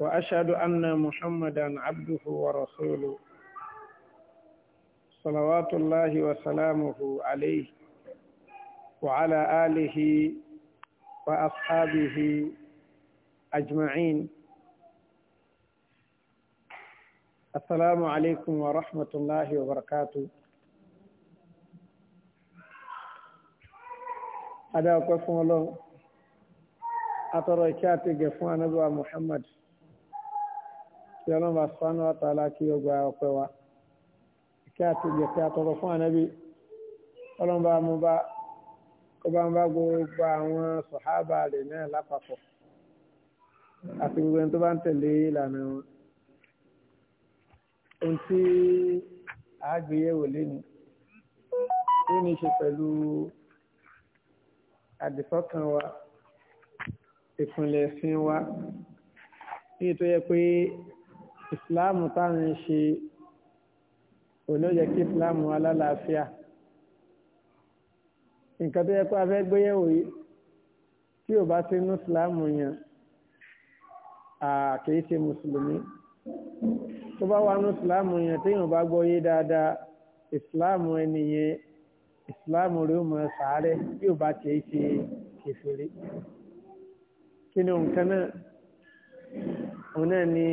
وأشهد أن محمدا عبده ورسوله صلوات الله وسلامه عليه وعلى آله وأصحابه أجمعين السلام عليكم ورحمة الله وبركاته هذا أقف الله أترى كاتب فوانا محمد kí ọlọ́run bá sánú àtàlà kí ó gba ọpẹ́ wa kí àti ìjẹ kí àtọrọ fún ànábì ọlọ́run bá mú bá kó bá ń bá gbogbo àwọn sọ̀hábà rẹ̀ náà lápapọ̀ àti gbogbo ẹni tó bá ń tẹ̀lé ìlànà wọn. ohun tí àágbéyẹ̀wò léni ó ní ṣe pẹ̀lú àdìfọ́kàn wa ìpìlẹ̀ ẹ̀sìn wa ní ètò yẹ pé ìsìláàmù táwọn ń ṣe olóyè kí ìsìláàmù alálàáfíà nǹkan tó yẹ pé abẹ́ gbéyẹ̀wò yìí tí ò bá sí inú ìsìláàmù yẹn àkèyí ṣe mùsùlùmí tó bá wà nínú ìsìláàmù yẹn téèyàn bá gbọ́ yé dáadáa ìsìláàmù ẹni yẹn ìsìláàmù rẹ̀ ó mọ sàárẹ̀ bí ò bá kèé ṣe kèfèrè kí ni nǹkan náà òun náà ni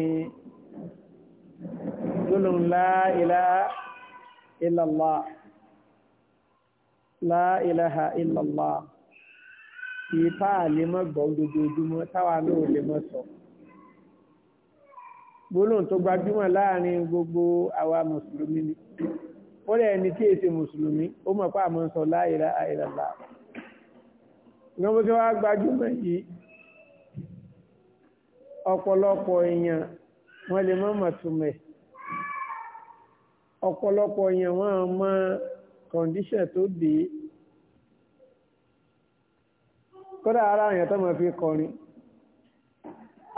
gbólóhùn la ilaha illallah la ilaha illallah kì í fáà lè mọ́ gbọ́ lójoojúmọ́ táwa náà lè mọ́ sọ gbólóhùn tó gbajúmọ̀ láàrin gbogbo àwa mùsùlùmí ni ó rẹ̀ ẹni tí èsì mùsùlùmí ó mọ̀ pé àmọ́ sọ la ilaha ìgbọ́n bó ti wá gbajúmọ̀ yìí ọ̀pọ̀lọpọ̀ èèyàn wọ́n lè má mà túmẹ̀ ọ̀pọ̀lọpọ̀ yẹn wọ́n á mọ kọ̀ǹdíṣẹ̀ tó dé kódà ara yẹn tó máa fi kọrin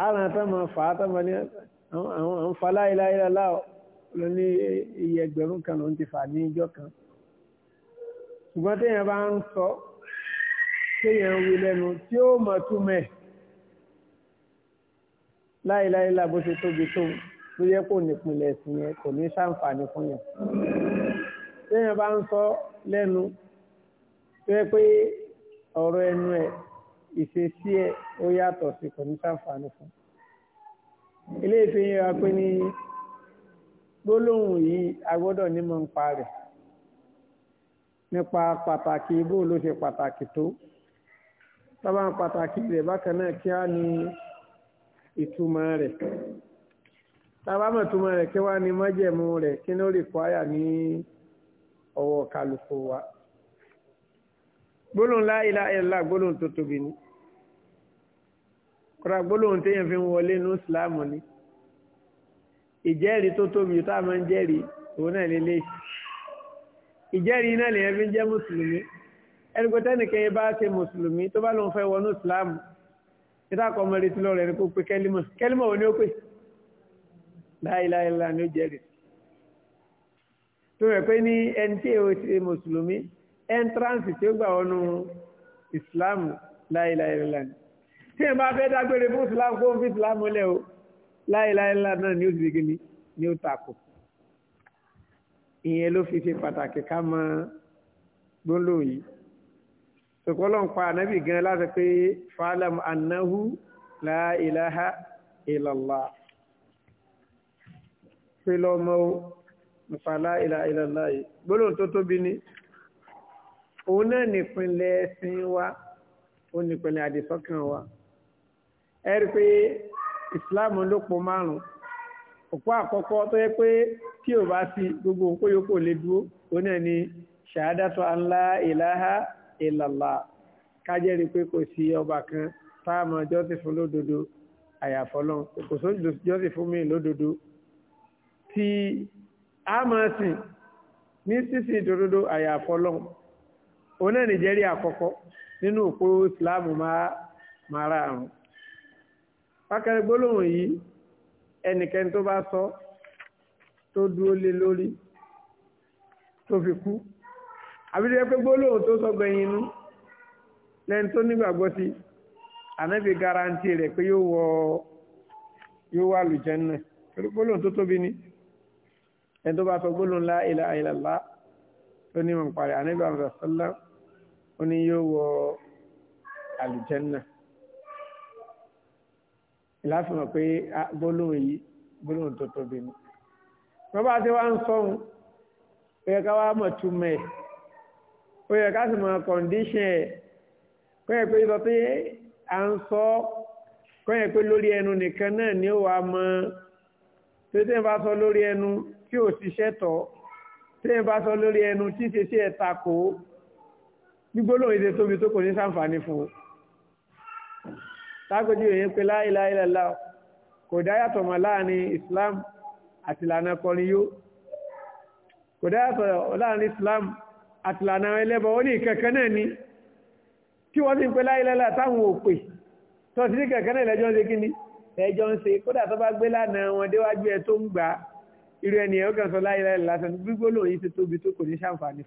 ara tó máa fà á tó máa ní àwọn àǹfà láìláì láwọ ló ní iye ẹgbẹ̀rún kan ló ń ti fà ní ijọ́ kan ṣùgbọ́n téèyàn bá ń sọ téèyàn wí lẹ́nu tí ó mọ̀ túmẹ̀ láìláìlá bó ṣe tóbi tó ló yẹ kó nípìnlẹ̀ ẹ̀sìn yẹn kò ní ṣàǹfààní fún yẹn. téèyàn bá ń sọ lẹ́nu tó yẹ pé ọ̀rọ̀ ẹnu ẹ̀ ìṣesí ẹ̀ ó yàtọ̀ sí kò ní ṣàǹfààní fún. ilé ìfihàn wa pé ní gbólóhùn yìí a gbọ́dọ̀ nímọ̀ ń pa rẹ̀ nípa pàtàkì bó ló ṣe pàtàkì tó. tọ́ba pàtàkì rẹ̀ bákan náà kí á ní ìtumọ̀ rẹ̀ tábàmọ̀ ìtumọ̀ rẹ̀ kí wá ní májẹ̀mú rẹ̀ kí ló rí kwaya ní ọwọ́ kálukú wa gbólóhùn la ilaha illallah gbólóhùn tó tóbi ni kọ́ra gbólóhùn téèyàn fi ń wọlé ní ìsìláàmù ni ìjẹ́rìí tó tóbi tá a máa ń jẹ́rìí òun náà lélẹ́yìí ìjẹ́rìí náà lèyàn fi ń jẹ́ mùsùlùmí ẹnìkọ́tẹ́nìkẹ́yẹ bá ṣe mùsùlùmí tó bá lóun fẹ́ wọnú ìsìláàmù ìtàkọ̀ ọmọ retí lọ́rọ̀ ẹni kó pé kẹ́límọ̀ kẹ́límọ̀ wo ni ó pè láìláìlá ni ó jẹ́rìí tó rẹ̀ pé ní ẹni tí èwo ti mùsùlùmí ẹntránsì tí ó gbà wọnú ìsìláàmù láìláìlá ni tí ẹ bá fẹ́ dágbére fún ìsìláàmù kó ń ìsìláàmù lẹ̀ o láìláìlá náà ni ó ti gbé ni ó takò ìyẹn ló fi ṣe pàtàkì ká mọ gbólóhùn sọ̀kọ́lọ́ ń pa ànábì gan láti pé fàálàm annahu la ilaha illallah pé lọ́mọ nípa la ilaha illallah yìí gbólóhùn tó tóbi ni òun náà nìpínlẹ̀ ẹ̀sìn wa ó nìpínlẹ̀ àdìsọ́kàn wa ẹ rí i pé islam ló po márùn-ún òpó àkọ́kọ́ tó yẹ pé tí ò bá sí gbogbo òkú yòókù lè dúró òun náà ni ṣahadatu an la ilaha illallah kájẹ́rìí pé kò sí ọba kan tá a máa jọ́sìn fún lódodo àyàfọ́lọ́ kò sóhun jọ́sìn fún mi lódodo tí a máa sìn ní sísìn ìdododo àyàfọ́lọ́ òun náà nìjẹ́rìí àkọ́kọ́ nínú òpó ìsìláàmù máa ra àrùn pákẹ́rẹ́ gbólóhùn yìí ẹnikẹ́ni tó fi kú àbílẹ̀ yẹ pé gbólóhùn tó sọ gbẹ̀yìn inú lẹ́ni tó nígbàgbọ́ sí ànábì garanti rẹ̀ pé yóò wọ yóò wà lùjẹ́nà torí gbólóhùn tó tóbi ni ẹni tó bá sọ gbólóhùn la ilaha illallah tó ní mọ̀ parí ànábì àwọn sọ́lá ó ní yóò wọ àlùjẹ́nà láfihàn pé gbólóhùn yìí gbólóhùn tó tóbi ni wọ́n bá ti wá ń sọ́hun ẹ̀ka wa mọ̀ túmọ̀ ẹ̀ ó yẹ ká sì mọ kọ̀ǹdíṣìn ẹ̀ kó yẹ pé sọ pé à ń sọ kó yẹ pé lórí ẹnu nìkan náà ni ó wà mọ tó tẹ́ ń bá sọ lórí ẹnu tí ò ṣiṣẹ́ tọ̀ tẹ́ ń bá sọ lórí ẹnu tí ṣe sí ẹ̀ takò gbígbólóhùn ìṣe tóbi tó kò ní sàǹfààní fún un tágbójú èyí pé láìláìlàlá kò dáyàtọ̀ mọ̀ láàrin Islam àti ìlànà kọrin yó kò dáyàtọ̀ láàrin Islam àtìlànà ẹlẹ́bọ̀ ó ní ìkẹ̀kẹ́ náà ni kí wọ́n sì ń pẹ́ láìlẹ́lá táwọn òpè tó sí kẹ̀kẹ́ náà lẹ́jọ́ ń ṣe kíní ẹjọ́ ń ṣe kódà tó bá gbé lánà wọn déwájú ẹ tó ń gbà irú ẹni ẹ̀ ó kàn sọ láìlẹ́lá lásán gbígbólò yìí ti tóbi tó kò ní ṣàǹfààní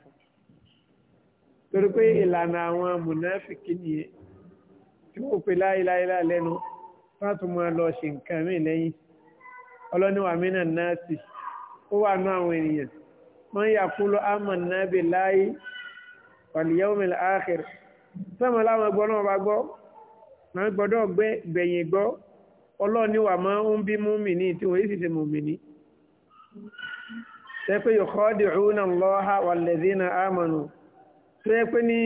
ó wà ná àwọn ènìyàn man yaqulu amanna billahi wal yawmil akhir sọ́mọ láwọn ẹgbọ́n náà bá gbọ́ máa gbọ́dọ̀ gbẹ́ gbẹ̀yìn gbọ́ ọlọ́ọ̀ni wà máa ń bí mùmínì tí wọ́n yìí sì ṣe mùmínì. ṣé pé yukhadi'una Allaha wal ladhina amanu ṣé pé ní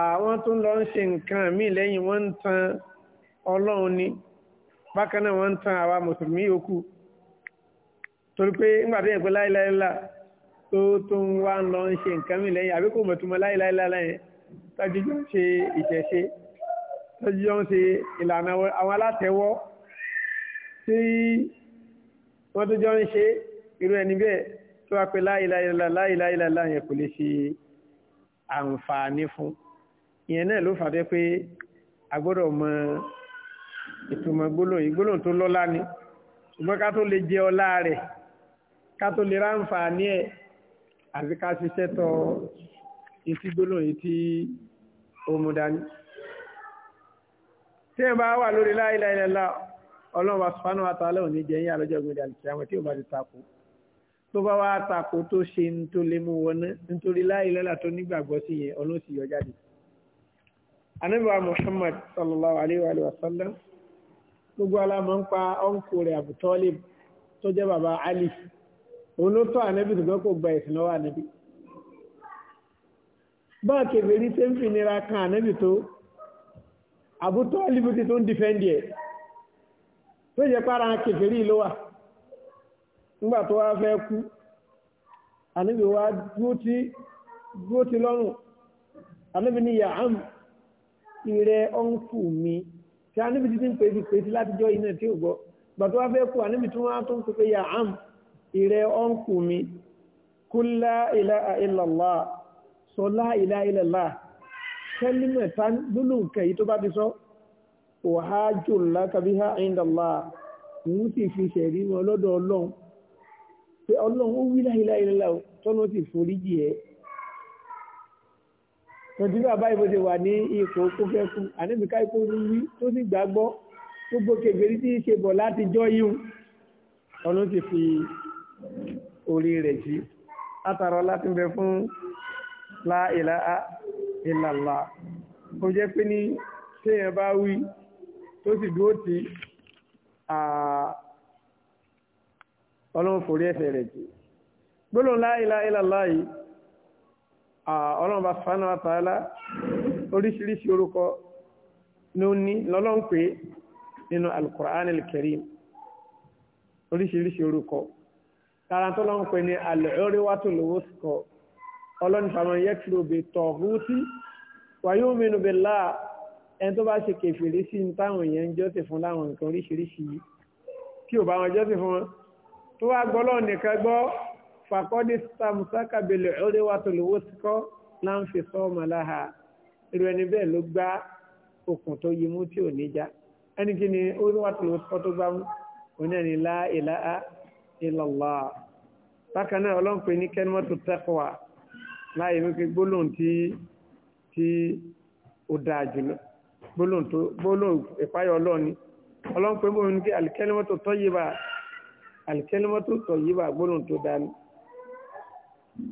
àwọn tó ń lọ ń ṣe nǹkan míì lẹ́yìn wọ́n ń tan ọlọ́run ni bákan náà wọ́n ń tan àwa mùsùlùmí yòókù torí pé ńgbà tó yẹ pé láéláé láà tó tó ń wá ń lọ ń ṣe nǹkan mi lẹ́yìn àbí kò mọ̀túnmọ́ láìláìláìláì tọ́jújọ́ ń ṣe ìṣẹ̀ṣe tọ́jújọ́ ń ṣe ìlànà àwọn alátẹ̀wọ́ tí wọ́n tó jọ ń ṣe irú ẹni bẹ́ẹ̀ tó wá pé láìláìláìláìláìláì yẹn kò lè ṣe àǹfààní fún ìyẹn náà ló fàdé pé a gbọ́dọ̀ mọ ìtumọ̀ gbólóhùn yìí gbólóhùn tó lọ́lá ni ṣùgbọ́n ká tó lè jẹ ọlá rẹ̀ ká tó lè ráǹfààní ẹ̀ àfi ká ṣiṣẹ́ tọ etí gbólóyìn tí ó mú dání. tí ẹ bá wà lórí la ilaha illallah ọlọ́run asùpánù àtàlẹ́ òní jẹ́ yín àlọ́jọ́ gbé dàlùkì àwọn tí ò bá ti takò tó bá wá takò tó ṣe tó lè mú wọn nítorí la ilaha illallah tó nígbàgbọ́ sí yẹn ọlọ́run yọ jáde. anábìwá Muhammad sallallahu alayhi wa sallam gbogbo alámọ̀ ń pa ọ̀nkù rẹ̀ Abu Talib tó jẹ́ bàbá Ali òun ló tọ́ ànẹ́bí ṣùgbọ́n kò gba ìsìn lọ́wọ́ ànẹ́bí báà kèbèrí ṣe ń fi nira kan ànẹ́bí tó àbútọ́ alíbùtì tó ń dìfẹ́ndì ẹ̀ tó yẹ para kèbèrí ló wà nígbà tó wá fẹ́ kú ànẹ́bí wá dúró ti lọ́rùn ànẹ́bí ni yàám ìrẹ́ ọ̀nkù mi tí ànẹ́bí ti ń pèsè pèsè látijọ́ iná tí ò gbọ́ gbàtọ́ wá fẹ́ kú ànẹ́bí tó wá tó ń pèsè yàám ìrẹ ọ́nkù mi kú la ilaha illallah sọ la ilaha illallah kẹ́límẹ̀ta lólùkẹ́ yìí tó bá ti sọ òhájò lákàbíhá indallah òun sì fi ṣẹ̀rí wọn lọ́dọ̀ ọlọ́run pé ọlọ́run ó wí la ilaha illallah tọ́nà sì foríjì ẹ̀ tọ̀dúrà báyìí bó ṣe wà ní ipò kó fẹ́ fún àníbìká ikú wí tó sì gbàgbọ́ gbogbo kègbèrí tí í ṣe bọ̀ láti jọ́ yíhun ọlọ́run fi orí rẹ̀ jí látara ọlá tí ń bẹ fún la ilaha illallah ó jẹ́ pé ní téèyàn bá wí tó sì dúró tí ọlọ́run forí ẹ̀ṣẹ̀ rẹ̀ jì gbólóhùn la ilaha illallah yìí ọlọ́run bá sánà àtàlá oríṣiríṣi orúkọ ní ó ní lọ́lọ́run pé nínú al-Qur'an al-Karim oríṣiríṣi orúkọ tara tó lọ́n pè ní al-urwatul wusqa ọlọ́nìfàmọ́ yẹ́kìlú bi tọ̀hútì wa yu'minu billah ẹni tó bá ṣe kèfèrí sí táwọn èèyàn ń jọ́sìn fún láwọn nǹkan oríṣiríṣi kí ò bá wọn jọ́sìn fún wọn tó wá gbọ́ lọ́wọ́ nìkan gbọ́ fàkọ́dé sàmùsákà bẹ̀lẹ̀ urwatul wusqa láǹfì sọ́ọ̀mà láha irú ẹni bẹ́ẹ̀ ló gbá okùn tó yimú tí ò ní já ẹni kí ni urwatul wusqa tó gbá mú òun náà ni la ilaha illallah bákan náà ọlọ́run pè ní kẹ́nìmọ́tò tẹ́kọ̀wá láàyè wípé gbólóhùn tí tí ó dáa jùlọ gbólóhùn tó gbólóhùn ìpáyọ̀ ọlọ́run ni ọlọ́run pè bóyá ní kí alikẹ́nìmọ́tò tọ́yìbà alikẹ́nìmọ́tò tọ́yìbà gbólóhùn tó dáa ni.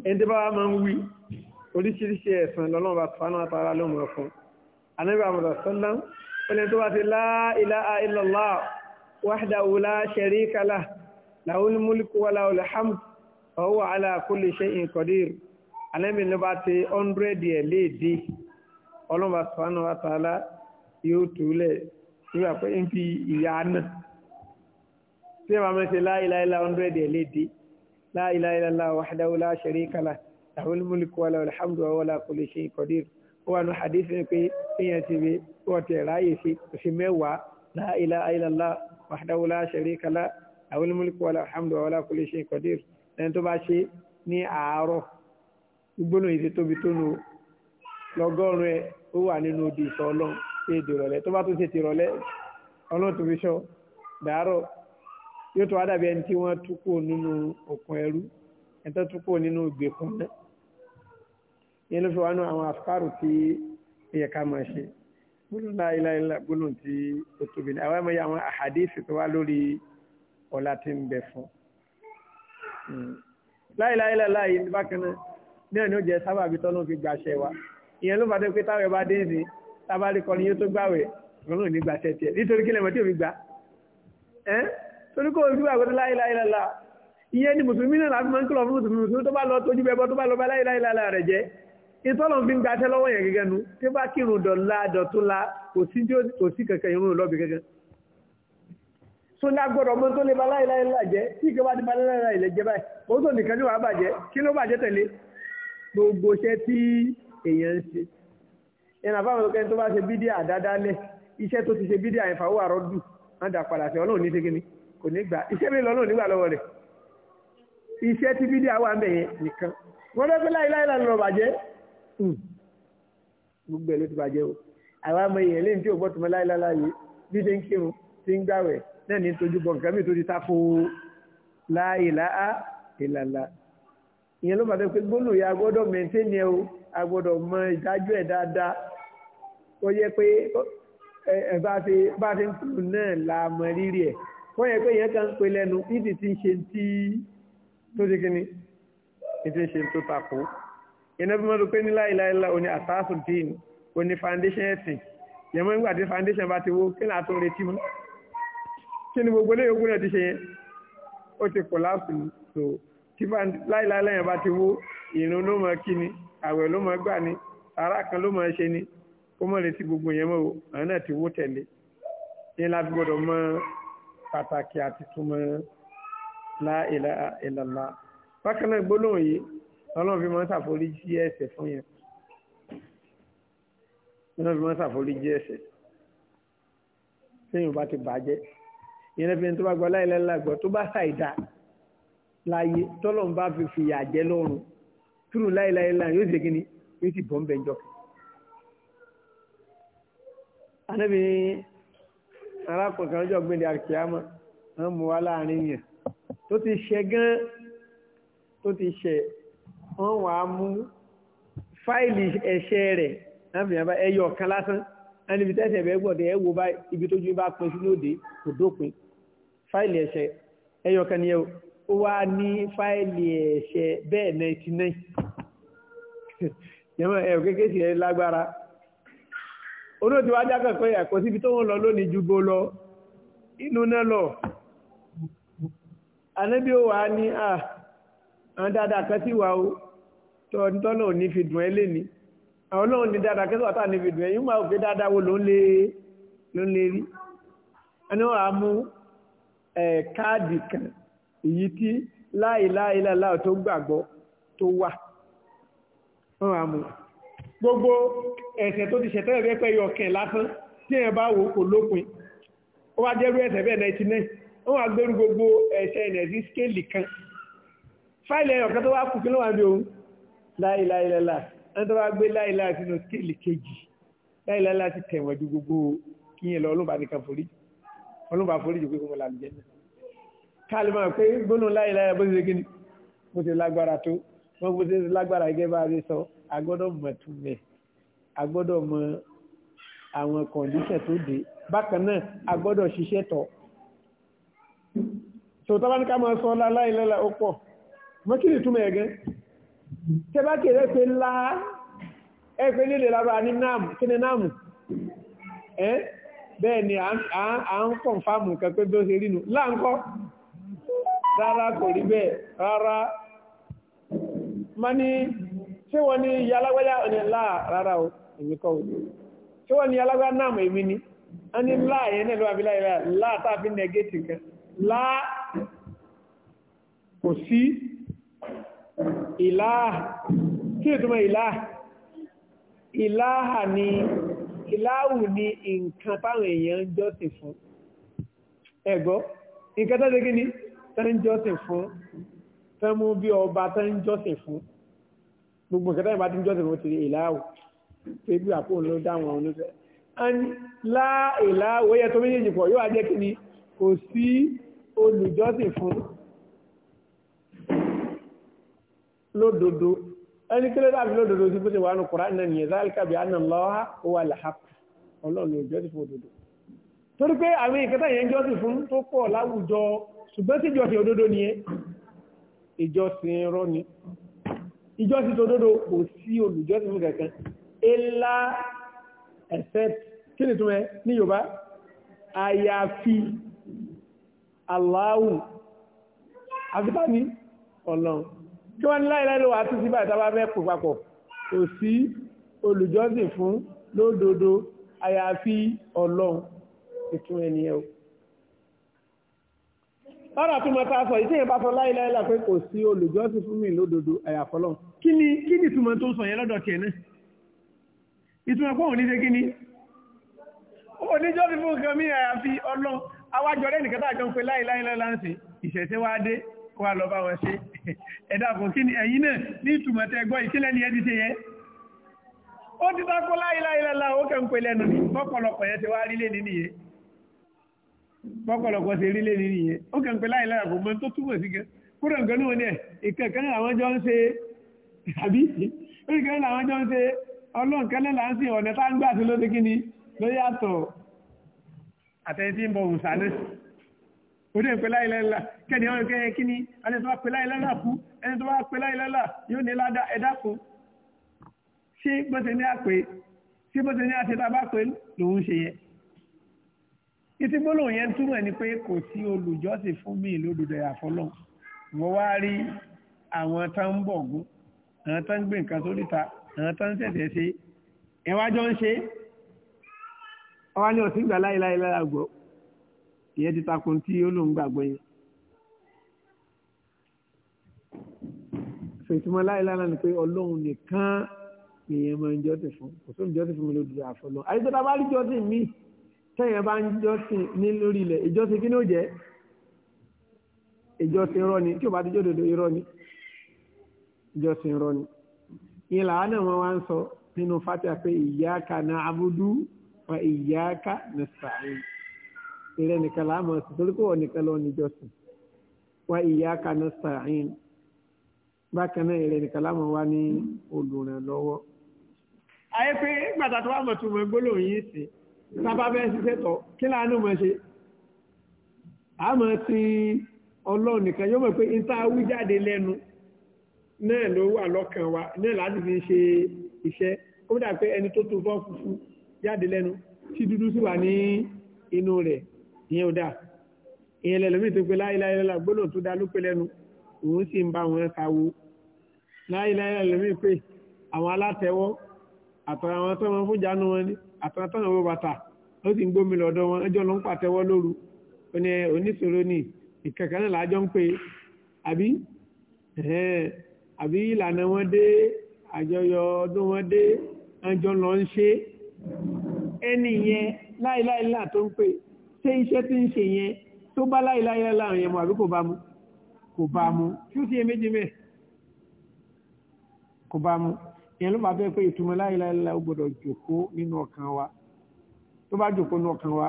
ẹni tí bá wa máa ń wí oríṣiríṣi ẹ̀sán lọ́lọ́run lahul mulku wa lahul hamd wa huwa ala kulli shay'in qadir alẹ́mi ló bá ti ọ́ndúrẹ́dì ẹ̀ léèdè ọlọ́mọba sọ́nà wa ta'ala yóò túlẹ̀ nígbà pé ń fi ìyá náà tí ẹ máa mẹ́ ṣe la ilaha illa ọ́ndúrẹ́dì ẹ̀ léèdè la ilaha illa mulku wa lahul hamdu wa ala kulli shay'in qadir ó wà ní hadith ní pé èèyàn ti rí wọ́n ti ráyè sí oṣù mẹ́wàá la ilaha illa Allah àwọn onímọ̀lùkù wàlá alhamdu wàlá kulli shay qadir ẹni tó bá ṣe ní àárọ̀ gbóná yìí ti tóbi tó nu lọ́gọ́rùn-ún ẹ̀ ó wà nínú odi ìṣọ́ ọlọ́run ṣe èdè ìrọ̀lẹ́ tó bá tún ṣe ti ìrọ̀lẹ́ ọlọ́run tó fi ṣọ́ dàárọ̀ yóò tó wá dàbí ẹni tí wọ́n tú kúrò nínú òkun ẹrú ẹni tó tú kúrò nínú ìgbèkùn náà yẹn ló fi wá nú àwọn àfikàrù tí ẹ̀yẹ ká máa ṣe gbólóhùn láìláìlá gbólóhùn tí ó tóbi ní àwọn ẹ̀mọ́ yẹ àwọn àhàdíìsì tó wá lórí ọlá tí ń bẹ fún hmm. láìláìláì bákan náà ní ọ̀nà oúnjẹ sábà bí tọ́lọ́ fi gbàṣẹ wa ìyẹn ló fàdé pé táwẹ̀ bá dé ní tábàlì kọrin yóò tó gbàwẹ̀ ọlọ́run ní gbàṣẹ tiẹ̀ nítorí kí lẹ́mọ̀ tí òfin gbà ẹ́ torí kò fi gbàgbọ́ láìláìláìlá ìyẹn ni mùsùlùmí náà láti máa ń kìlọ̀ fún mùsùlùmí mùsùlùmí tó bá lọ tójú bẹ́ẹ̀ bọ́ tó bá lọ bá láìláìláìlá rẹ̀ jẹ́ ìtọ́lọ̀ fi ń gbàṣẹ lọ́wọ́ yẹn gẹ́gẹ́ nu tí bá kírun dọ̀la dọ̀tún so ní agbọ́dọ̀ ọmọ tó lè ba láìláìlá jẹ́ tí ìjọba ti ba láìláìlá jẹ́ báyìí òun tó nìkan ní wàá bàjẹ́ kí ló bàjẹ́ tẹ̀lé gbogbo iṣẹ́ tí èèyàn ń ṣe ìrìn àfáwọn olùkẹ́ni tó bá ṣe bídíà àdádálẹ̀ iṣẹ́ tó ti ṣe bídíà yẹn fàwọ́ àrọ́dù wọ́n dà padà sí ọlọ́run ní ṣe kíni kò ní gbà iṣẹ́ mi lọ́lọ́run nígbà lọ́wọ́ rẹ̀ iṣẹ́ tí bídíà wà ń bẹ̀ yẹn nìkan wọ́n fẹ́ pé láìláì lànà lọ bàjẹ́ hmm. gbogbo ẹ̀ ló ti bàjẹ́ o àwa ọmọ èèyàn lẹ́yìn tí ò gbọ́ tó mọ láìláì láàyè bí ṣe ń kírun ti ń gbàwẹ̀ náà ní tójú bọ̀ nǹkan mi tó ti tako láìlá ìlàlá ìyẹn ló bàtẹ́ pé gbónú ya gbọ́dọ̀ maintain ẹ o a gbọ́dọ̀ mọ ìdájọ́ ẹ̀ dáadáa ó yẹ pé ẹ bá ti bá ti ń kúrò náà la mọ rírì ẹ̀ ó yẹ pé ìyẹn kan ń pe lẹ́nu ìdí ti ń ṣe tí tó ti kíni ìdí ń ṣe tó tako ìyẹn náà fi mọ́ pé ní láìláìlá òní àsáàsùn dín òní foundation ẹ̀sìn ìyẹn mọ́ nígbà tí foundation bá ti wó kí ni àtúntò retí mọ́ kí ni gbogbo léyìn ogún rẹ̀ ti ṣe yẹn ó ti kọ̀láàpù so tí láìláì lẹ́yìn bá ti wó ìrun ló mọ kí ni àwẹ̀ ló mọ gbà ni ara kan ló mọ ṣe ni ó mọ̀ létí gbogbo yẹn mọ́ o àwọn náà ti wó tẹ̀lé yẹn láti gbọ́dọ̀ mọ pàtàkì àti túmọ̀ la ilaha illallah bákan náà gbólóhùn yìí ọlọ́run fi máa ń ṣàforíjì ẹ̀ṣẹ̀ fún yẹn ọlọ́run fi máa ń ṣàforíjì ẹ̀ṣẹ̀ téèyàn bá ti bàjẹ́ ìyẹn fi ní tó bá gbọ́ láìlẹ́ lágbọ́ tó bá ṣàìdá láyé tọ́lọ́n bá fi fìyà jẹ lọ́rùn túrù láìláì láì yóò ṣe kíni yóò sì bọ́ ń bẹ jọ. anábì arákùnrin ọjọ́ gbélé àkíyàmọ́ wọ́n mú wa láàrin yẹn tó ti ṣe gan tó ti ṣe wọ́n wà á mú fáìlì ẹ̀ṣẹ̀ rẹ̀ ẹyọ kan lásán ẹni ibi tẹ́sẹ̀ bẹ́ẹ̀ gbọ́dọ̀ ẹ wo bá ibi tójú bá pin sí lóde kò dópin fáìlì ẹ̀ṣẹ̀ ẹyọ kan nìyẹn ó wá ní fáìlì ẹ̀ṣẹ̀ bẹ́ẹ̀ 99 yẹ́mọ̀ ẹ̀rọ kékeré sí ẹ lágbára olóò ti wá jákọ̀ pé ẹ̀kọ́ síbi tó ń lọ lónìí ju gbó lọ inú náà lọ ànábì ó wà ní à àwọn dáadáa kan sí wa o tọ́nà ò ní fi dùn ẹ́ lẹ́ni àwọn olóòrùn ní dáadáa kẹ́sọ̀ àtà fi dùn ẹ́ yíò máa fi dáadáa wo ló ń lè rí káàdì kan èyí tí láìláìláìláà tó gbàgbọ́ tó wà fún àmú gbogbo ẹ̀ṣẹ̀ tó ti ṣẹ̀tẹ́rẹ̀ rẹ̀ pẹ́ yọkẹ̀ lásán tí ẹ̀ bá wò kò lópin ó wá jẹ́rú ẹ̀ṣẹ̀ bẹ́ẹ̀ 99 wọ́n wá gbẹ́rú gbogbo ẹ̀ṣẹ̀ ẹ̀nẹ̀sí skéèlì kan fáìlì ẹ̀yọ̀kan tó wá kù kí ló wà ní ohun láìláìláìláà ẹni tó wá gbé láìláà sínú skéèlì kejì láìláìláà ti tẹ̀wọ̀n ju gbogbo kíyẹn lọ ọlọ́ba nìkan foríjì ọlọ́mọ àforíjì pé kó mọ́ làlùjẹ́ náà káàlì máa pé gbónú láìláyà bó ṣe kíni bó ṣe lágbára tó wọ́n bó ṣe lágbára gẹ́gẹ́ bá rí sọ agbọ́dọ̀ mọ̀ tún mẹ́ agbọ́dọ̀ mọ àwọn kọ̀ǹdíṣẹ̀ tó dé bákan náà agbọ́dọ̀ ṣiṣẹ́ tọ̀ tòótọ́ bá ní ká máa sọ láìláyà ó pọ̀ mọ́ kí ni túmọ̀ ẹ̀gẹ́ tẹ bá kéré pé lá ẹ pé nílé lábára ní náàmù kí ni náàmù ẹ́ bẹ́ẹ̀ ni a ń kọ̀nfàmù nǹkan pé bí ó ṣe rí nù láǹkọ́ rárá kò rí bẹ́ẹ̀ rárá ma ní ṣé wọ́n ní ìyá alágbájá ọ̀nà láà rárá o èmi kọ́ o ṣé wọ́n ní ìyá alágbájá náà mọ̀ èmi ni a ní láà yẹn náà ló wà bí láà láà nẹgẹ́tì kan láà kò sí ìláà kí ìtumọ̀ ìláà ìláà ni ìláwù ni nǹkan táwọn èèyàn ń jọ́sìn fún ẹ̀gbọ́ nǹkan tọ́jú kí ni tán jọ́sìn fún tán mú bí ọba tán jọ́sìn fún gbogbo nǹkan táwọn bá ti ń jọ́sìn fún ti ìláwù tó ibi àpò ló dáwọn onífẹ́ láìláwù ẹ̀yẹ tó méjèèjì pọ̀ yóò jẹ́ kí ni kò sí olùjọ́sìn fún lódodo ẹni kí ló dàbí lódodo sí bó ṣe wà ní Kùránì náà nìyẹn zalika bi anna Allaha huwa al-haq ọlọ́run ló jọ́sìn fún òdodo torí pé àwọn ìkẹta yẹn jọ́sìn fún tó pọ̀ láwùjọ ṣùgbọ́n tí ìjọsìn òdodo nìyẹn ìjọsìn rọ́ ni ìjọsìn tó òdodo kò sí olùjọ́sìn fún kankan illa except kí ni túnmọ̀ ní Yorùbá àyàfi Allahu àfikà ní ọlọ́run kí wọ́n ní láìláì ló wà tún sí báyìí tábà fẹ́ pò papọ̀ kò sí olùjọ́sìn fún lódodo àyàfi ọlọ́run ìtún ẹni ẹ̀ o. ọ̀rọ̀ tó mọ̀ tá a sọ yìí tí yẹn bá sọ láìláì là pé kò sí olùjọ́sìn fún mi lódodo àyàfi ọlọ́run kí ni kí ni ìtumọ̀ tó ń sọ yẹn lọ́dọ̀ tiẹ̀ náà ìtumọ̀ pọ̀ òní ṣe kí ni oníjọ́sìn fún kó wá lọ bá wọn ṣe ẹ̀dá kò kí ni ẹ̀yìn náà ní ìtumọ̀ tẹ gbọ́ ìkílẹ̀ ṣe yẹ ó ti dákó láìláìláìlá ó kẹ́ ń pè lẹ́nu ní bọ́pọ̀lọpọ̀ yẹn ti wá rí lé nínú yẹn bọ́pọ̀lọpọ̀ ti rí lé nínú ó kẹ́ ń pè láìláìlá kò mọ tó sí kúrò nǹkan níwọ̀n jọ ń ṣe jọ ń ṣe òde ìpè láìláìlá kẹ́ni ọ̀rọ̀ kẹ́yẹ kí ni ẹni tó bá pè láìláìlá kú ẹni tó bá pè láìláìlá yóò ní ládá ẹ̀dá kan ṣé bó ṣe ní àpè ṣé bó ṣe ní àṣetá bá pè lòun ṣe yẹ. ìtí gbólóhùn yẹn túmọ̀ ẹni pé kò sí olùjọ́sìn fún mi lódodo àfọlọ́n wọ́n wá rí àwọn tó ń bọ̀ gún àwọn tó ń gbé nǹkan sórí ta àwọn tó ń ṣẹ̀ṣẹ̀ ṣe ẹ̀wájọ́ ń ṣe ọwá ní ọ̀sìn gbà láìláìlá gbọ́ ìyẹn ti takun tí ó lòun gbàgbọ́ yẹn. ìtumọ̀ láìláìlá ni pé ọlọ́run nìkan nìyẹn máa ń jọ́sìn fún kò sóhun jọ́sìn fún mi ló dùn àfọlọ́ àyíṣẹ́ta bá rí jọ́sìn mí tẹ́yìn bá ń jọ́sìn ní lórí ilẹ̀ ìjọsìn kí ni ó jẹ́ ìjọsìn irọ́ ni tí ò bá ti jọ́dọ̀dọ̀ irọ́ ni ìjọsìn irọ́ ni ìlà náà wọn wá ń sọ nínú fatiha pé iyyaka na'budu wa iyyaka nasta'in ìrẹ́ nìkan láàmú ọ̀sìn torí pé wọ́n nìkan lọ́wọ́ níjọ́sìn wá iyyaka nasta'in bákan náà ìrẹ́ nìkan láàmú wá ní olùrànlọ́wọ́. ayé pé gbàtà tó wà mọ̀ tó mọ̀ gbólóhùn yìí sí sábà bẹ́ẹ̀ ṣiṣẹ́ tọ̀ kí láàánú mọ̀ ṣe àmọ́ ti ọlọ́run nìkan yóò mọ̀ pé níta wí jáde lẹ́nu náà ló wà lọ́kàn wa náà láti fi ṣe iṣẹ́ kó dà pé ẹni tó tu fọ́ funfun jáde lẹ́nu tí dúdú sì wà ní inú rẹ̀ ìyẹn ò dáa ìyẹn lẹ́lọ́mí tó pé láìláìlá gbọ́dọ̀ tó dá lópe lẹ́nu òun sì ń bá wọn kawo láìláìlá lẹ́mí pé àwọn alátẹ̀wọ́ àtọ̀rọ̀ àwọn tó wọn fún jánu wọn ni àtọ̀rọ̀ tó wọn wọ bàtà ó sì ń gbómi lọ́dọ̀ wọn ẹjọ́ ló ń pàtẹ́wọ́ lóru oníṣòro ni ìkẹ̀kẹ́ náà lájọ́ ń pè àbí àbí ìlànà wọn dé àjọyọ̀ ọdún wọn dé ẹjọ́ lọ ń ṣe ẹni láìláìlá tó ń pè ṣé iṣẹ́ tí ń ṣe yẹn tó bá láìláìlá láàrin yẹn mọ́ àbí kò bá mú kò bá mú tí ó ti yẹ méjì mẹ́ kò bá mú ìyẹn ló bá bẹ́ẹ̀ pé ìtumọ̀ láìláìlá ó gbọ́dọ̀ jòkó nínú ọkàn wa tó bá jòkó nínú ọkàn wa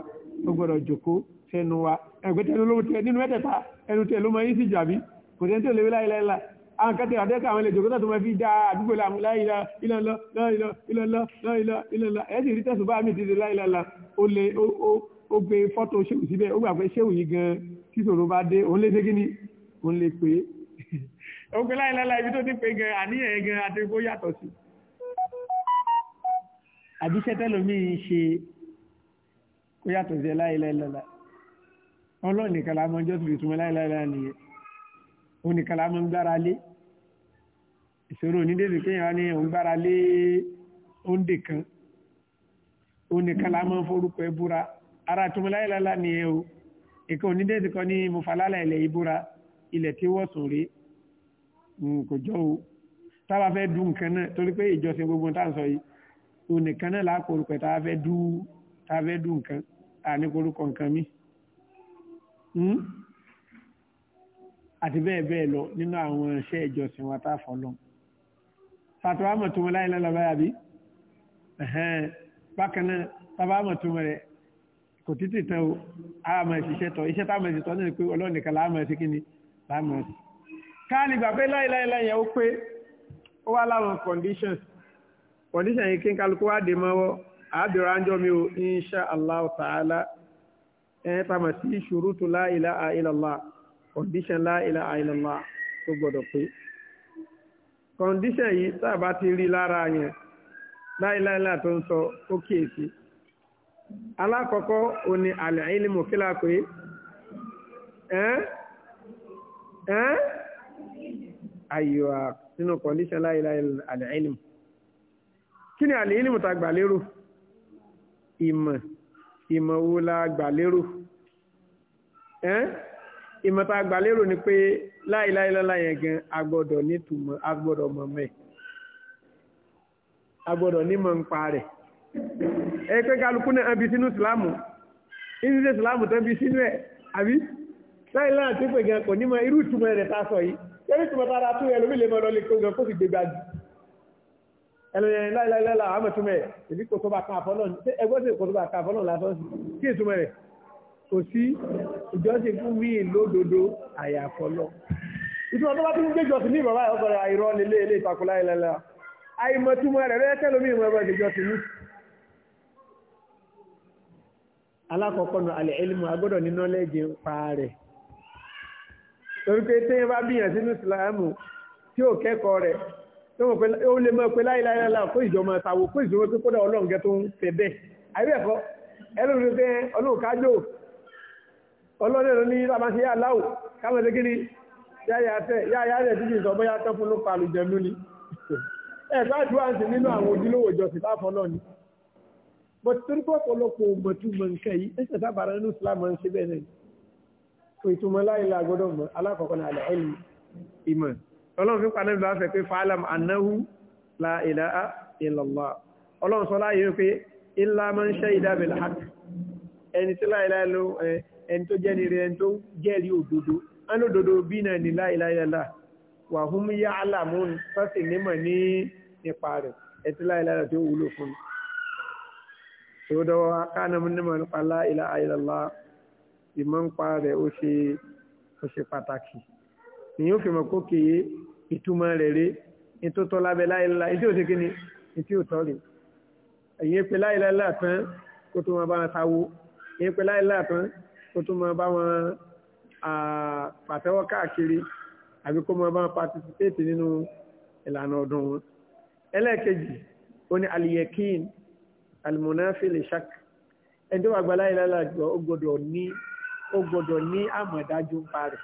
ó gbọ́dọ̀ jòkó sẹ́nu wa ẹ̀gbẹ́ tẹ́lú ló tẹ nínú mẹ́tẹ̀ẹ̀ta ẹnu tẹ ló máa yí sí jàbí kò tẹ́ tó léwé láìláìlá àwọn kẹtẹ àdẹ́kọ̀ àwọn ilẹ̀ jòkó tó máa fi dá àdúgbò làmú láìlá ìlànà láìlá ìlànà láìlá ìlànà ẹ̀ sì rí tẹ̀sùn bá mi ti di láìláìlá ó lé ó ó gbé fọ́tò ṣéwù síbẹ̀ ó gbà pé ṣéwù yìí gan tí ṣòro bá dé òun lè ṣe ni òun lè pè é ó gbé láì lọ́la ibi tó ti pè gan àníyàn yẹn gan àti kó yàtọ̀ sí. àbí sẹ́tẹ́lómi ń ṣe kó yàtọ̀ sí ẹ láì lọ́la ọlọ́run nìkan la máa ń jọ́sìn ìtumọ̀ láìláìlá nìyẹn òun nìkan la máa gbára lé ìṣòro onídèzì kéèyàn wá ní òun gbára lé òǹdè kan òun nìkan la máa forúkọ ẹ búra ara tumulayilala ni e o èkó onídèsí kan ní mo falálà ilẹ̀ ìbúra ilẹ̀ tí wọ́n sùn rí kò jọ o táwa fẹ́ dùn nǹkan náà torí pé ìjọsìn gbogbo tá à ń sọ yìí onìkan náà láà korúkọ táwa fẹ́ dùn táwa fẹ́ dùn nǹkan àní korúkọ nǹkan mi àti bẹ́ẹ̀ bẹ́ẹ̀ lọ nínú àwọn iṣẹ́ ìjọsìn wa tá a fọ́ lọ. fàtàwá mọ̀tòmọ́ láyé lọ́la báyà bí bákan náà tàbá mọ̀tòmọ́ rẹ̀ kò títí tán o a máa ṣiṣẹ́ tọ́ iṣẹ́ tá a máa ṣe tọ́ náà pé ọlọ́run nìkan láà máa ṣe kí ni láà máa ṣe. káàní gbàgbé láìláìláì yẹn ó pé ó wá láwọn conditions condition yìí kí n kálukú wá dé mọ́wọ́ àádọ́rọ̀ àjọ mi o insha allah ta'ala ẹ̀ tá a máa sí ṣurutu la ilaha illallah condition la ilaha illallah tó gbọ́dọ̀ pé condition yìí tá a bá ti rí lára yẹn láìláìláì tó ń sọ ó kíyèsí alákọ̀ọ́kọ́ òní àlẹ́ìlìmù kí láà pé ẹ́n àyíwá nínú kọ̀ndíṣẹ́ láìláì àlẹ́ìlìmù kí ni àlẹ́ìlìmù ta gbà lérò ìmọ̀ ìmọ̀ wo la gbà lérò ẹ́n ìmọ̀ ta gbà lérò ni pé láìláì lọ́la gan agbọ́dọ̀ nítumọ̀ agbọ́dọ̀ mọ̀ mẹ́ ẹ̀ẹ́pẹ́ kálukú náà bí sínú ìsìláàmù ìsìnlẹ̀ ìsìláàmù tán bí sínú ẹ̀ àbí sáìlá àti pè gan kò nímọ̀ irú ìtumọ̀ rẹ̀ tá a sọ yìí yẹ́rì ìtumọ̀ tára tún ẹlòmí lè mọ̀ lọ lè kó gan kó sì gbé gbájú ẹlòmí láìláìláìlá àmọ̀ túmọ̀ ẹ̀ èmi kò tó bá kan àfọlọ́n ẹgbẹ́ sì kò tó bá kan àfọlọ́n lásán sí kí ìtumọ̀ rẹ̀ kò sí ìjọsìn fún mí lódodo àyàfọlọ́ ìtumọ̀ tó bá tún gbé jọsìn ní ìmọ̀ báyọ̀ alákọ̀ọ́kọ́nà alẹ́ ẹlẹ́mù agbọ́dọ̀ ní nọ́lẹ́jì ń pa rẹ̀ torí pé tí wọ́n bá bíyàn sínú ìsìláàmù tí ó kẹ́kọ̀ọ́ rẹ̀ ó lè mọ̀ pé láìláìláà kó ìjọmọ̀ tàwọ̀ kó ìjọmọ̀ pé kódà ọlọ́ǹgẹ́ tó ń fẹ́ bẹ́ẹ̀ àríwẹ̀kọ́ ẹlòmíràn pé ọlọ́run kájò ọlọ́run ní lábáṣe yà láwù káwọn ẹgbẹ́ ní yáyà rẹ̀ títí ìsọ bóyá tọ́pọ̀ ló pa àlùjẹ̀mú ni ẹ̀ka àdúrà nínú àwọn ojúlówó ìjọsìn táfọ́ náà ni bó ti torí pé ọ̀pọ̀lọpọ̀ mọ̀túmọ̀ nǹkan yìí ẹ̀sẹ̀ sábàrà nínú Islam ń ṣe bẹ́ẹ̀ náà kò ìtumọ̀ láìlà gbọ́dọ̀ mọ̀ alákọ̀ọ́kọ́ ní alẹ́ ẹ̀lú la ilaha illallah ọlọ́run sọ láàyè illa man shahida bil haqq ẹni tí láìláì ló ẹni tó jẹ́ nire ẹni tó jẹ́rìí òdodo ẹni òdodo bí náà ní láìláì lọ́la wà hum sọ́sì nímọ̀ ní nípa rẹ̀ ẹni tí láìláì wúlò fún mi sódọ́wọ́ akáàna mú nímọ̀ nípa la ilaha illallah ìmọ̀ nípa rẹ̀ ó ṣe ó ṣe pàtàkì ìyẹn ó fi mọ̀ kókè ìtumọ̀ rẹ̀ rẹ̀ ní tó tọ́ lábẹ́ la ilaha ìdí òṣèké ni ìdí òtọ́ rẹ̀ ìyẹn pé la ilaha tán kó tó máa bá wọn sáwó ìyẹn pé la ilaha tán kó tó máa bá wọn pàtẹ́wọ́ káàkiri àbí kó máa bá wọn participate nínú ìlànà ọdún wọn ẹlẹ́ẹ̀kejì ó ní aliyekin almunafili shak ẹni tó wà gba láyé lálàjọ ó gbọ́dọ̀ ní ó gbọ́dọ̀ ní àmọ̀dájú ń parẹ̀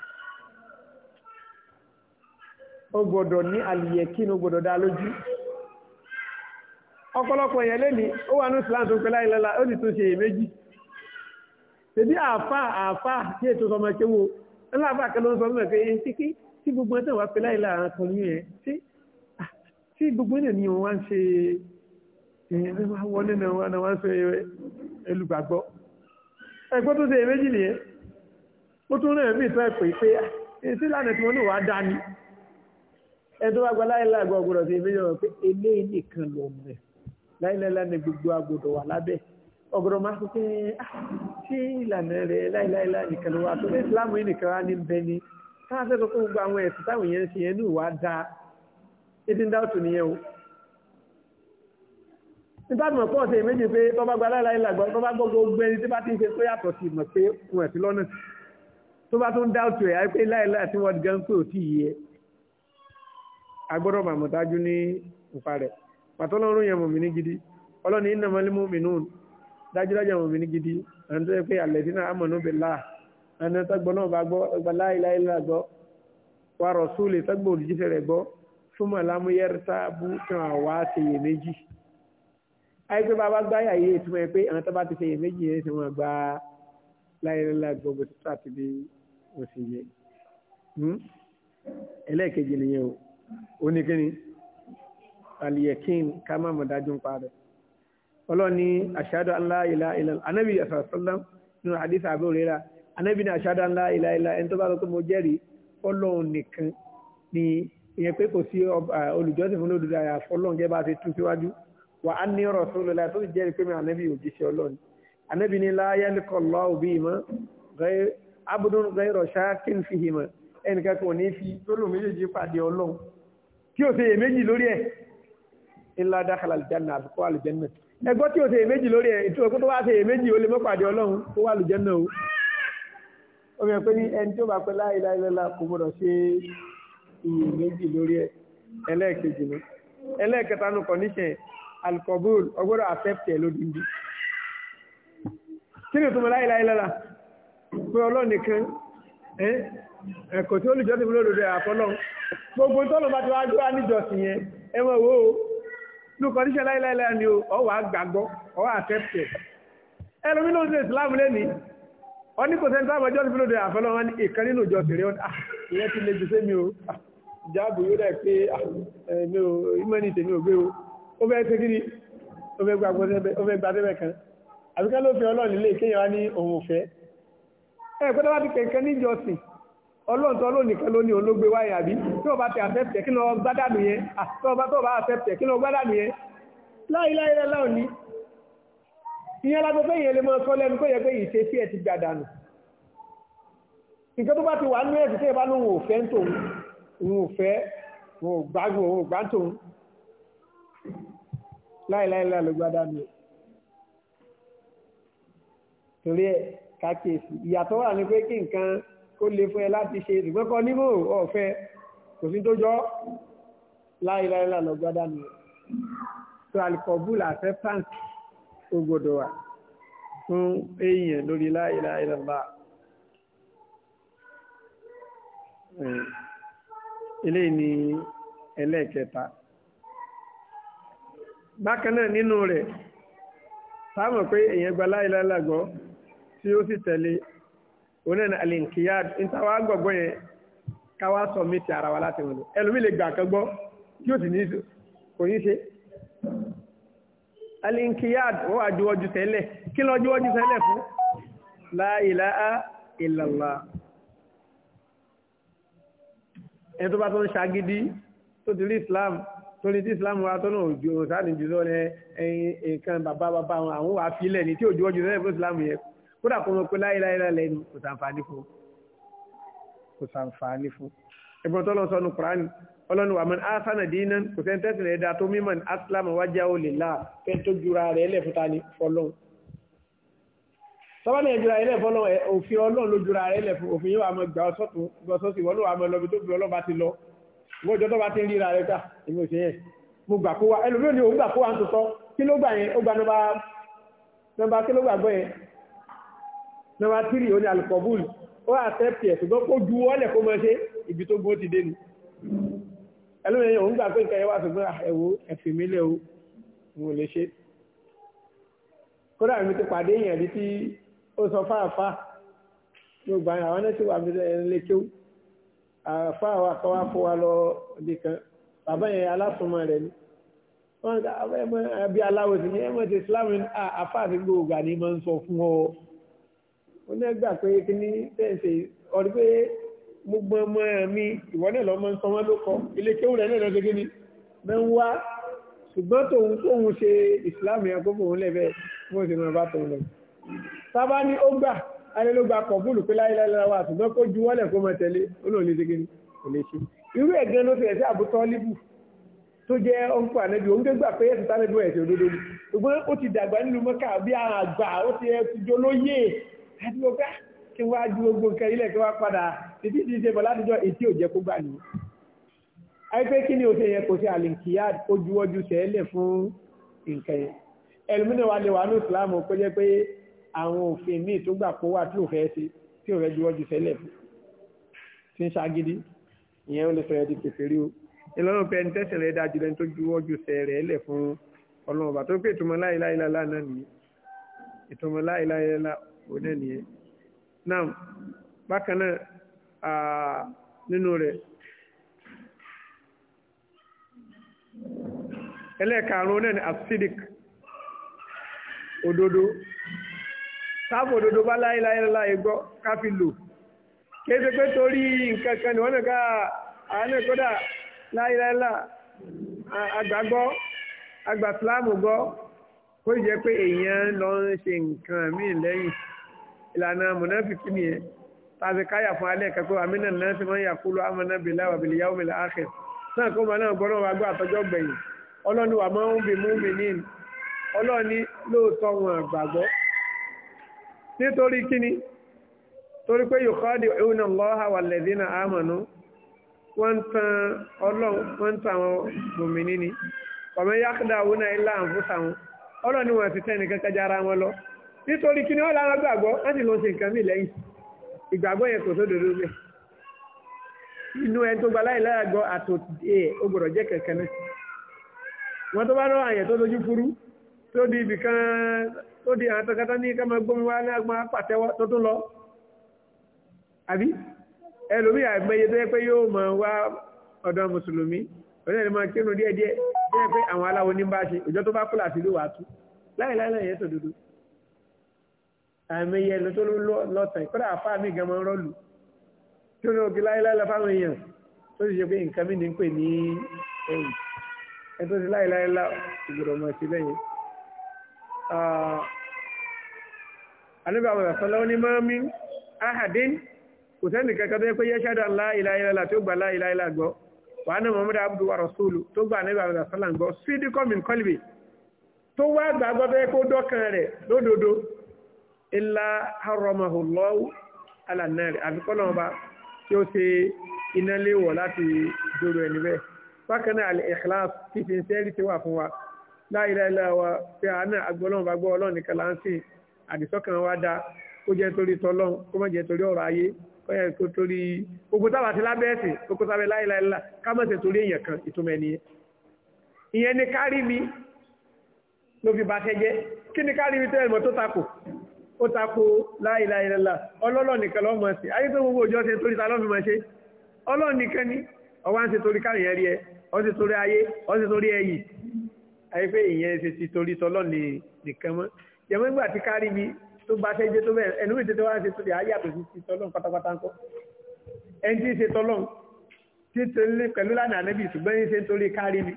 ó gbọ́dọ̀ ní àlìyẹ̀kín ó gbọ́dọ̀ dá lójú ọ̀pọ̀lọpọ̀ èèyàn lẹ́ni ó wà ní islam tó pẹ́ láyé lálà ó sì tún ṣe èméjì tẹ̀bí àfà àfà tí ètò ọmọ ṣe wo ńlá àfà kan ló ń sọ mọ́ pé ṣí kí tí gbogbo ẹ̀ tẹ̀ wá pẹ́ láyé láàrin kan yẹn ah, tí gbogbo ẹ̀ ní òun wá ń ṣe èyàn wá wọlé náà wá sọ ẹlùgbàgbọ́ ẹgbọ́ tó ṣe èméjì nìyẹn ó tún rẹ̀ mí tọ́ ẹ̀pẹ́ pé èsì lánà tí wọ́n ní wàá dání ẹ tó wá gba láìláì àgbọ̀ ọgbọ̀dọ̀ sí èméjì wọn pé eléyìí nìkan lọ mẹ́ láìláì lánà gbogbo agbọ̀dọ̀ wà lábẹ́ ọgbọ̀dọ̀ máa sọ pé ah, ṣé ìlànà rẹ̀ láìláì lánà nìkan lọ wà tó ní ìsìlámù yìí nìkan wá ní bẹ ni káà sẹ́ nítàbùmọ̀ pọ̀ sí méjì pé tọ́bá gba aláìláìlágbọ́ tọ́bá gbogbo gbẹ́ni tí bá ti ń ṣe pé yàtọ̀ sí mọ̀ pé fún ẹ̀sìn lọ́nà tó bá tún dáùtù ẹ̀ àìpé láìláì tí wọ́n gan pé ò tí yìí ẹ́ agbọ́dọ̀ màmọ́tájú ní nǹpa rẹ̀ pàtọ́lọ́run yẹn mọ̀mí ní gidi ọlọ́ni iná mọ́lẹ́mú mi nù dájúdájú àwọn mọ̀mí ní gidi àwọn tó yẹ pé àlẹ́dínà tí àìpé bàbá gbáyà yé ìtumọ̀ ẹ pé àwọn tó bá ti ṣe iyèméjì yẹn ṣe wọn gba láìláìlá gbogbo títà àti bí ó sì yẹ hmm? ẹlẹ́ẹ̀kejì nìyẹn o ó ní kíni àlìyẹ̀kín ká má mọ̀ dájú ń parẹ́ ọlọ́ni ashhadu an la anábì àfàṣọ́lám nínú hadith Abu Hurairah anábì ní ashhadu an la ilaha illallah ẹni tó bá lọ mo jẹ́rìí ọlọ́run nìkan ni ìyẹn pé kò sí eh, olùjọ́sìn fún lódodo àyàfọ́ ọlọ́run jẹ́ bá ti tú síwájú wà á ní rasulullah tó jẹ́ pé mi ànábì òjíṣẹ́ ọlọ́run ànábì ní la yalqallahu bihima abdun ghayra shakin fihima ẹnìkan kò ní fi gbólóhùn méjèèjì pàdé ọlọ́run tí ò ṣe èméjì lórí ẹ̀ illa dakhala aljanna àbíkọ́ àlùjẹ́nà ẹgbọ́ tí ò ṣe èméjì lórí ẹ̀ ètò ẹ̀kọ́ tó wá ṣe èméjì ó lè mọ́ pàdé ọlọ́run tó wà àlùjẹ́nà alikọbúl ọgbọ́dọ̀ àfẹ́fẹ́ lódìndí kí ni ìtumọ̀ láìláì lára pé ọlọ́run nìkan ẹ̀kọ́ tí olùjọ́sìn fún olódodo àfọlọ́ gbogbo tọ́lọ̀ bá ti wá gbọ́ níjọsìn yẹn ẹ wọ́n wò ó ní kọ́ndíṣẹ́ láìláì lára ni ọ wà gbàgbọ́ ọ wà àfẹ́fẹ́ ẹlòmí ló ń ṣe Islam lẹ́ni wọ́n ní kò sẹ́ni táwọn ọjọ́sìn fún olódodo àfọlọ́ wọn ní ìkan nínú ìjọsìn rẹ wọn ah, ìyẹn ti le jù sẹ́mi o ah, ìjáàbù yóò dà pé ah, ẹ̀mí o ìmọ̀ ní tèmi ò gbé o ó fẹ́ ṣe kíni ó fẹ́ gba gbàdébẹ̀ kan àbíká ló fi ọlọ́run nílé kéèyàn wá ní òun òfẹ́ ẹ pé tọ́lá ti kẹ̀kẹ́ níjọsìn ọlọ́run tó lónìí kan lónìí olóògbé wáyé àbí tí wọ́n bá ti àfẹ́fẹ́ kí wọ́n gbádànù yẹn àti ọba tó bá àfẹ́fẹ́ kí wọ́n gbádànù yẹn láìláìlẹ́ láò ní ìyẹn lágbo pé ìyẹn lè mọ sọ lẹ́nu kó yẹ pé ìṣe sí ẹ láìláìlá ló gbádá mi torí ẹ kákìsì ìyàtọ̀ wà ní pé kí nǹkan kó lè fún ẹ láti ṣe ṣùgbọ́n kọ nímò ọ̀fẹ́ kò sí tó jọ láìláìlá ló gbádá mi tó alikọ̀bùl acceptance ó gbọdọ̀ wà fún èèyàn lórí láìláìlá bá eléyìí ni ẹlẹ́ẹ̀kẹta bákan náà nínú rẹ̀ sáàmù pé èèyàn gba láìláìlágbọ́ tí ó sì tẹ̀lé onáà ní alinkiyad nítawà gbọ̀gbọ́ yẹn káwá sọ mí ti ara wa láti wọn ẹlòmí lè gbà kan gbọ́ tí ó sì ní kò ní ṣe alinkiyad ó wà juwọ́jú tẹ́lẹ̀ kí lọ juwọ́jú tẹ́lẹ̀ fún la ilaha illallah ẹni tó bá tó ń ṣagídí tó ti rí islam torí tí islam wa tọ́nà òjò sáàdì jùlọ ní ẹyin nǹkan bàbá bàbá wọn àwọn wà fílẹ̀ ní tí òjò ọjọ́ sẹ́yìn fún islam yẹn kódà kó mọ pé láyéláyélá lẹ́nu kò sàǹfààní fún kò sàǹfààní fún. ẹ̀gbọ́n tọ́lọ́ sọnù kúránì ọlọ́nu wàmí asana dínà kò sẹ́ni tẹ́sílẹ̀ ẹ̀dá tó mímọ̀ ní aslam wájà ó lè la fẹ́ tó jura rẹ̀ ẹlẹ́ fúta ní fọlọ́n. sọ́wọ́n náà jura ẹlẹ́ fọlọ́n òfin ọlọ́run gbọ́jọ́ tó bá ti ń ríra rẹ̀ ká èmi ò ṣe yẹn mo gbà kó wa ẹlòmíràn ni òun gbà kó wa ń tutọ́ kí ló gbà yẹn ó gba nọ́mbà nọ́mbà kí ló gbà gbọ́ yẹn nọ́mbà tírì ó ní alukọ̀bùl ó àtẹ́pì ẹ̀ ṣùgbọ́n kó ju ọlẹ̀ kó máa ṣe ibi tó gbó ti dé ni ẹlòmíràn ni òun gbà pé nǹkan yẹn wà ṣùgbọ́n ẹ̀wò ẹ̀fìn mi lẹ̀ mo lè ṣe kódà mi ti pàdé èèyàn rí tí ó sọ fáàfáà mo gbà àwọn ẹni tí wà mí lẹ́kẹ́wò àfa àwọn akọwà kó wa lọ ibi kan bàbá yẹn alásùnmọ́ rẹ̀ ni wọ́n ká ẹmọ ẹbí aláwọ̀ sí ni ẹmọ ti Islam ní àfa àti gbogbo ní máa ń sọ fún ọ ó ní ẹgbà pé kí ní tẹ̀sí ọdún pé gbogbo ọmọ mi ìwọ náà lọ́mọ ń sanwó ló kọ ilé kéwù rẹ̀ náà lọ́dọ̀ gíní bẹ́ẹ̀ ń wá ṣùgbọ́n tòun tóun ṣe Islam yẹn kó fòun lẹ̀ bẹ́ẹ̀ bó ṣe máa bá tòun alẹ́lógba kọ̀bùlù pé láyéláyé wa ṣùgbọ́n kó ju wọ́lẹ̀ kó máa tẹ̀lé olóòlù ṣégin kò lè ṣe irú ẹ̀gán ló fi ẹ̀sẹ̀ àbútọ́ líbù tó jẹ́ ọ̀nkọ́ ànẹ́bí òun gbégbà pé ẹ̀sùn tánẹ́bí ẹ̀sẹ̀ òdodo ni ṣùgbọ́n ó ti dàgbà nínú mọ́kà bí àwọn àgbà ó ti ẹ ti jolóyè àti ọgá ah, kí wọ́n á ju gbogbo nǹkan ni òṣè yẹn kò ṣe àlìkìyà ó juwọ́jú sẹ́ẹ̀lẹ̀ fún wa lè wà ní ìsìlámù àwọn òfin míì tó gbà kó wà tí ò fẹ́ ṣe tí ò fẹ́ juwọ́ ju sẹ́lẹ̀ tí ń ṣagídí ìyẹn ó lè sọ̀rọ̀ di kèfèrí o ìlọ́run pé ẹni tẹ́sẹ̀ rẹ̀ dájú lẹ́ni tó juwọ́ ju sẹ́rẹ̀ ẹlẹ̀ fún ọlọ́run ọba tó pé ìtumọ̀ láìláìláìlá náà nìyẹn ìtumọ̀ láìláìláìlá òun náà nìyẹn náà bákan náà nínú rẹ̀ ẹlẹ́ẹ̀karùn-ún náà ni asidik òdodo táàbò dodo bá láéláéláé gbọ́ ká fi lò kìí ṣe pé torí nǹkan kan nìwọ́n nìka àánú kódà láéláélá àgbàgbọ́ àgbà fúlàmù gbọ́ kó jẹ́ pé èèyàn lọ ń ṣe nǹkan míì lẹ́yìn ìlànà mùnáfíkí nìyẹn tàbí káyà fún alẹ́ kẹ́kọ̀ọ́ àmínà náà ti máa ń yàkúlù àmọ́nà bìlá wàbìlì yàwó mìlá àkẹ́ náà kó máa náà gbọ́dọ̀ wá gbọ́ àtọ́jọ́ gbẹ̀yìn ọlọ́ni wà máa ń bì mú mi ní ọlọ́ni lóòótọ́ wọn àgbàgbọ́ nítorí kíni torí pé yukhadi'una Allaha walladhina amanu wọ́n ń tan ọlọ́run wọ́n ń tan ni ọmọ wọ́n ti tẹ́ni wọn lọ nítorí kíni wọ́n lára gbàgbọ́ wọ́n lọ ṣe nǹkan mí lẹ́yìn ìgbàgbọ́ yẹn kò tó dòdò bẹ́ẹ̀ inú ẹni tó gba láì ẹ̀ ó gbọ́dọ̀ jẹ́ kẹ̀kẹ́ náà wọ́n tó bá rọ àyẹ̀ tó lójú tó di ibì kan tó di àwọn tọ́kátá ní kẹ́mọ̀ gbọ́n wá ní agbọn apàtẹ́wọ́ tó tún lọ àbí ẹlòmí àgbẹ̀yẹ tó yẹ pé yóò mọ̀ wá ọ̀dọ̀ mùsùlùmí onílẹ̀ máa kírun díẹ̀ díẹ̀ tó yẹ pé àwọn aláwo ní bá ṣe òjò tó bá kúlà sí ìlúwà tú láìláìlẹ̀ yẹn tó dúdú àmẹ́yẹ ló tó lọ́tàn kódà àfá mi gan máa ń rọ́ọ̀lù kí ni òkè láìláìlẹ̀ fáwọn èèyàn tó sì ṣe pé nǹkan mi ní pè ní ẹ̀yìn ẹ tó ti láìláìlẹ̀ ìgbọ̀dọ̀ mọ̀ sí lẹ́yìn ah, anábì àwọn ìsọ́lá ó ní máa mí ahadin kò sẹ́ni kankan tó yẹ pé yẹ ṣáàdù la ilaha illallah tó gbà la ilaha illallah gbọ́ wàá náà muhammadu abdu wa rasulu tó gbà anábì àwọn ìsọ́lá gbọ́ sídìkọ́ min qalbi tó wá gbàgbọ́ tó yẹ kó dọ́kan rẹ̀ lódodo illa haramahu Allahu ala nar àfikọ́ náà bá tí ó ṣe iná léwọ̀ láti dòrò ẹni bẹ́ẹ̀. bákan náà al-ikhlas fífi ń àdìsọ́kàn wa dá kó jẹ́ torí tọ́lọ́n kó má jẹ́ torí ọ̀rọ̀ ayé kó yẹ kó torí ogun táwa ti lábẹ́ ẹ̀sìn kókó sábẹ́ láìláìlá ká má torí èèyàn kan ìtumọ̀ ẹni yẹn. ìyẹn ni kárí mi ló fi bá tẹ́jẹ́ kí ni kárí mi tẹ́lẹ̀ mọ́ tó takò ó takò láìláìlá ọlọ́lọ́ nìkan lọ́ mọ̀ sí ayé tó gbogbo òjò ṣe torí ta lọ́fi mọ̀ ṣe ọlọ́ nìkan ni ọwọ́ à ń ṣe torí kárí yẹn rí ẹ ọ ṣe torí ayé ọ ṣe jẹ̀mọ́ ìgbà tí kárí mi tó bá ṣe jẹ́ tó bẹ́ẹ̀ ẹnu ìtètè wá ṣe tóbi àyàtọ̀ sí ti tọ́lọ́n pátápátá ńkọ́ ẹni tí ń ṣe tọ́lọ́n tí ń tẹ̀lé pẹ̀lú lánàá níbi ṣùgbọ́n ń ṣe kárí mi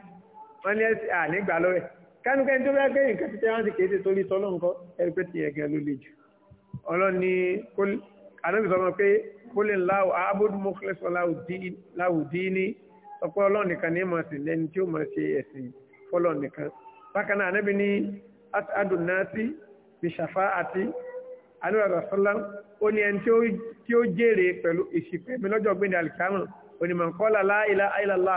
wọ́n ní ẹ̀sìn ànígbà lọ́rẹ̀ kánúkẹ́ni tó bẹ́ẹ̀ kẹ́yìn kẹ́tí tẹ́ wá ṣe kéde torí tọ́lọ́n ńkọ́ ẹni pé tiẹ̀ gan ló le jù ọlọ́ni ànábì sọmọ pé kólé láwù abudu mọ́kílẹ́sọ láwù díní ọ̀pọ̀ ọlọ́ọ̀nìkan ní mọ̀ sí lẹ́ni tí ó mọ̀ ṣe ẹ̀sìn fọ́lọ́ọ̀nìkan bákan náà ànábì ní adùnnáàtì bìṣàfà àti anúràdà oni ó ní ẹni tí ó jèrè pẹ̀lú ìṣìpẹ̀ mi lọ́jọ́ gbé ní alìkámù onímọ̀kọ́lá láìlá àìlàlá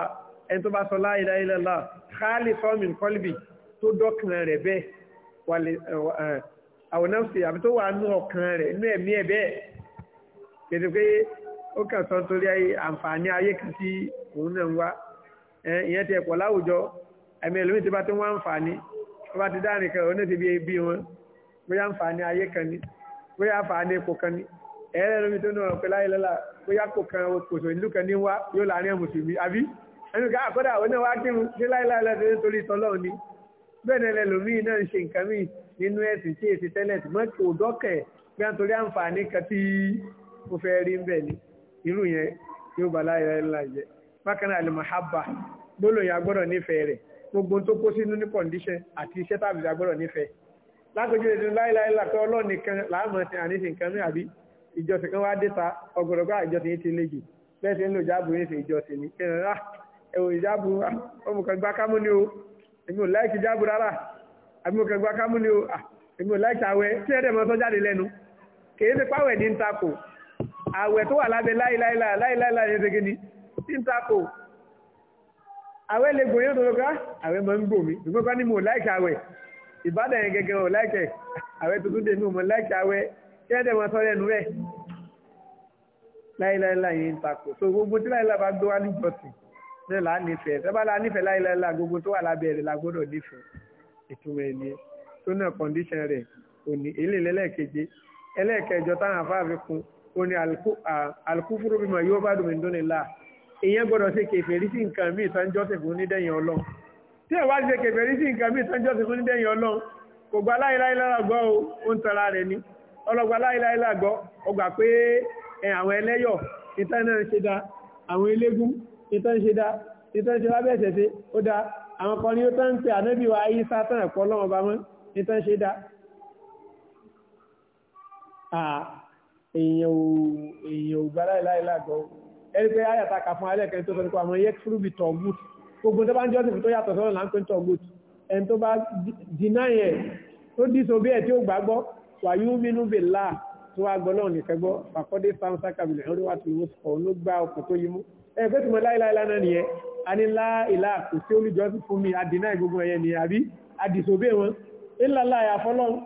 ẹni tó bá sọ láìlá àìlàlá káàlì sọ́ọ̀mì kọ́lìbì tó dọ́kàn rẹ̀ bẹ́ẹ̀ àwọnáfsì eh, àbí tó wà nú ọkàn rẹ̀ inú ẹ̀mí ẹ̀ bẹ́ẹ̀ kìí pé ó kàn sọ torí àǹfààní ayé kan tí òun náà ń wá eh, ìyẹn ti ẹ̀pọ̀ láwùjọ ẹ̀mí ẹlòmíì ti bá tó wá àǹfààní ọba ti dá nìkan òun náà ti bí ebi wọn bóyá ń fà ní ayé kan ní bóyá fà ní epo kan ní ẹ̀ẹ́rẹ́ lómi tó náà pẹ̀lú ayé lọ́la bóyá kò kan kòtò ìlú kan ní wá yóò láàrin mùsùlùmí àbí ẹnu ká àkọ́dà òun náà wá kírun sí láìláìlá tó ń torí tọ́lọ́ ni bẹ́ẹ̀ náà lẹ́lòmíì náà ń ṣe nǹkan míì nínú ẹ̀sìn tí èsì tẹ́lẹ̀ tí mọ́ kò dọ́kẹ̀ bí wọ́n torí àǹfààní kan tí ó fẹ́ rí ń bẹ̀ ni irú yẹn yóò bá láìláìlá jẹ bákan náà al-mahabba gbólóyìn agbọ́dọ̀ nífẹ̀ẹ́ rẹ̀ gbogbo tó kó sínú ní kọ̀ǹdíṣẹ́ àti iṣẹ́ tàbí agbọ́dọ̀ nífẹ̀ẹ́ lágbèjì lè dún láíláí lápẹ́ ọlọ́run nìkan láàmú ti àníṣe nǹkan ní àbí ìjọsìn kan wá déta ọgọ̀dọ̀gbà ìjọsìn yìí ti le jù bẹ́ẹ̀ ṣe ń lò jáàbù yìí ṣe ìjọsìn ní kí ẹ̀rọ ẹ̀wò ìjáàbù ọmọkàn kámú ni o èmi ò láìkì jáàbù rárá àbí mo kàn kámú ni o èmi ò láìkì àwẹ̀ tí ẹ̀rẹ̀ mọ́ sọ́jáde lẹ́nu kèé ti páwẹ̀ ní ń takò tó wà lábẹ́ láíláíláíláíláí àwẹ̀ lè gòyìn tó lọ́kọ́ àwẹ̀ máa ń gbò mí ṣùgbọ́n ká ní mo láìka àwẹ̀ ìbádàn yẹn gẹ́gẹ́ ò láìkẹ̀ àwẹ̀ tuntun dè mí mo láìka àwẹ̀ kí ẹ̀ dẹ̀ máa sọ́ọ́ lẹ́nu rẹ̀ láìláìlá yẹn ń takò so gbogbo tí láìláìlá bá gbé wá níjọsìn náà là á nífẹ̀ẹ́ sábà là á nífẹ̀ẹ́ láìláìlá gbogbo tó wà lábẹ́ rẹ̀ la gbọ́dọ̀ nífẹ̀ẹ́ ìtumọ̀ ẹni tó náà kọ́ndíṣàn rẹ̀ òní eléyìí lẹ́lẹ́keje ẹlẹ́kẹjọ táwọn afáàfin kun ó ní alukúfúrú bímọ yóò bá dùn mí dún ní láà èyàn gbọ́dọ̀ ṣe kèfèrí sí nǹkan mí ìtàn jọ́sìn fún nídẹ̀yìn ọlọ́run tí ẹ̀ wá ṣe kèfèrí sí nǹkan mí ìtàn jọ́sìn fún nídẹ̀yìn ọlọ́run kò gba láìláì lágbọ́ o ń tara rẹ̀ ni ọlọ́gba láìláì lágbọ́ ọgbà pé àwọn ẹlẹ́yọ̀ ìtàn náà ń ṣe dá àwọn eléégún ìtàn ṣe dá wa ayé sátán ẹ̀kọ́ ọlọ́run ọba mọ́ ìtàn ṣe dá èèyàn ò gbà láìláì lágbọ́ ẹgbẹ́ ayàtàkà fún alẹ́kẹ́ tó sọ nípa àwọn yẹ́ fúrúbì tọ̀gùt gbogbo tó bá ń jọ́sìn tó yàtọ̀ sọ́rọ̀ là ń pè tọ̀gùt ẹni tó bá dínà yẹn tó díso bí ẹ̀ tí ó gbàgbọ́ wà yú mínú bè láà tó wá gbọ́ náà nìkan gbọ́ pàkọ́dé sáńsá kàbìlẹ̀ orí wa ti mú ló gba ọkọ̀ tó yimú ẹ pé tìmọ̀ láìláìlá náà nìyẹn a ní láìlá kò sí olùjọ́sìn fún mi àdínà gbogbo ẹ̀yẹ ni àbí àdìsóbé wọn ńlá láyà fọlọ́run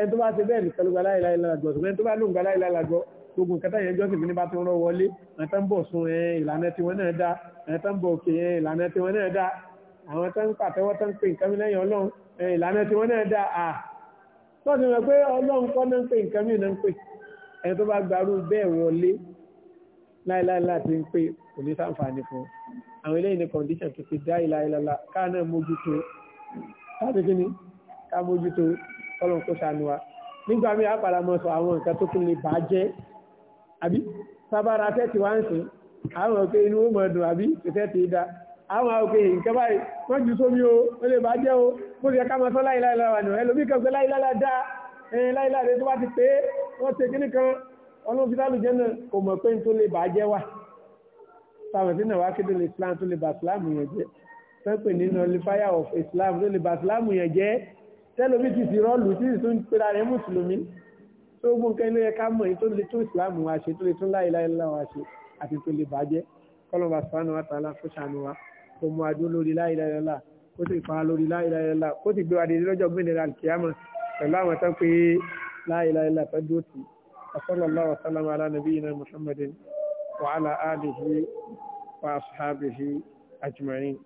ẹni tó bá ti bẹ́ẹ̀ nìkan ló gba láìláìlá gbọ́ ṣùgbọ́n ẹni tó bá lóun gba láìláìlá gbọ́ gbogbo nǹkan táyẹ̀ ẹjọ́ sì fi ní bá ti rán wọlé àwọn tó ń bọ̀ sun ìlànà tiwọn náà dá àwọn tó ń bọ̀ òkè ìlànà tiwọn náà dá àwọn tó ń pàtẹ́wọ́ tó ń pè nǹkan mi lẹ́yìn ọlọ́run ìlànà tiwọn náà dá à tó ti rẹ̀ pé ọlọ́run kọ́ náà ń pè nǹkan mi náà ń pè ẹni tó bá gbarú bẹ́ẹ̀ wọlé láìláì láti ń pè kò ní sáǹfààní fún àwọn eléyìí ní condition tó ti dá ìlàìlàlà káà náà mójútó láti nígbà míì àpàlà mọ́ sọ àwọn nǹkan tó tún lè bàá jẹ́ àbí sábára tẹ́tì wá ń sìn àwọn òkè inú ó mọ̀ọ́dùn àbí tẹ́tì dá àwọn òkè nǹkan báyìí wọ́n jù sómi o ó lè bá jẹ́ o bó ti yẹ ká máa sọ láìláìlá wà nù ẹlòmí kan pé láìláìlá dá ẹyin láìláìlá tó bá ti pé wọ́n ṣe kíní kan ọlọ́run fi lálùjẹ́ náà kò mọ̀ pé tó lè bá jẹ́ wà táwọn sí náà Islam tó Islam yẹn jẹ́ pẹ́pẹ́ nínú olùfáyà of Islam tó lè bá Islam yẹn jẹ́ tẹ́lómi ti ti rọ́ọ̀lù tí ì tó gbọ́n nǹkan ilé ẹ̀ka mọ̀ èyí tó lè tún ìsìláàmù wa ṣe tó lè tún láìláì láwa ṣe àti tó lè bàjẹ́ kọ́lọ́ba sàánù wa tààlà kó ṣàánú wa kó mú adó lórí láìláì lọ́la kó sì pa lórí láìláì lọ́la kó sì gbé wa dé lọ́jọ́ gbẹ̀dẹ̀ alkiyama pẹ̀lú àwọn tó dúró tì sallallahu wa sallama ala nabiyyina muhammadin wa ala alihi wa ashabihi ajma'in.